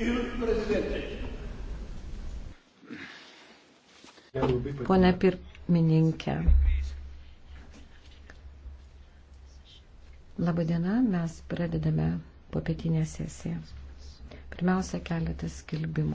Il prezidentė. Pone pirmininkė. Labadiena, mes pradedame popietinę sesiją. Pirmiausia, keletas skelbimų.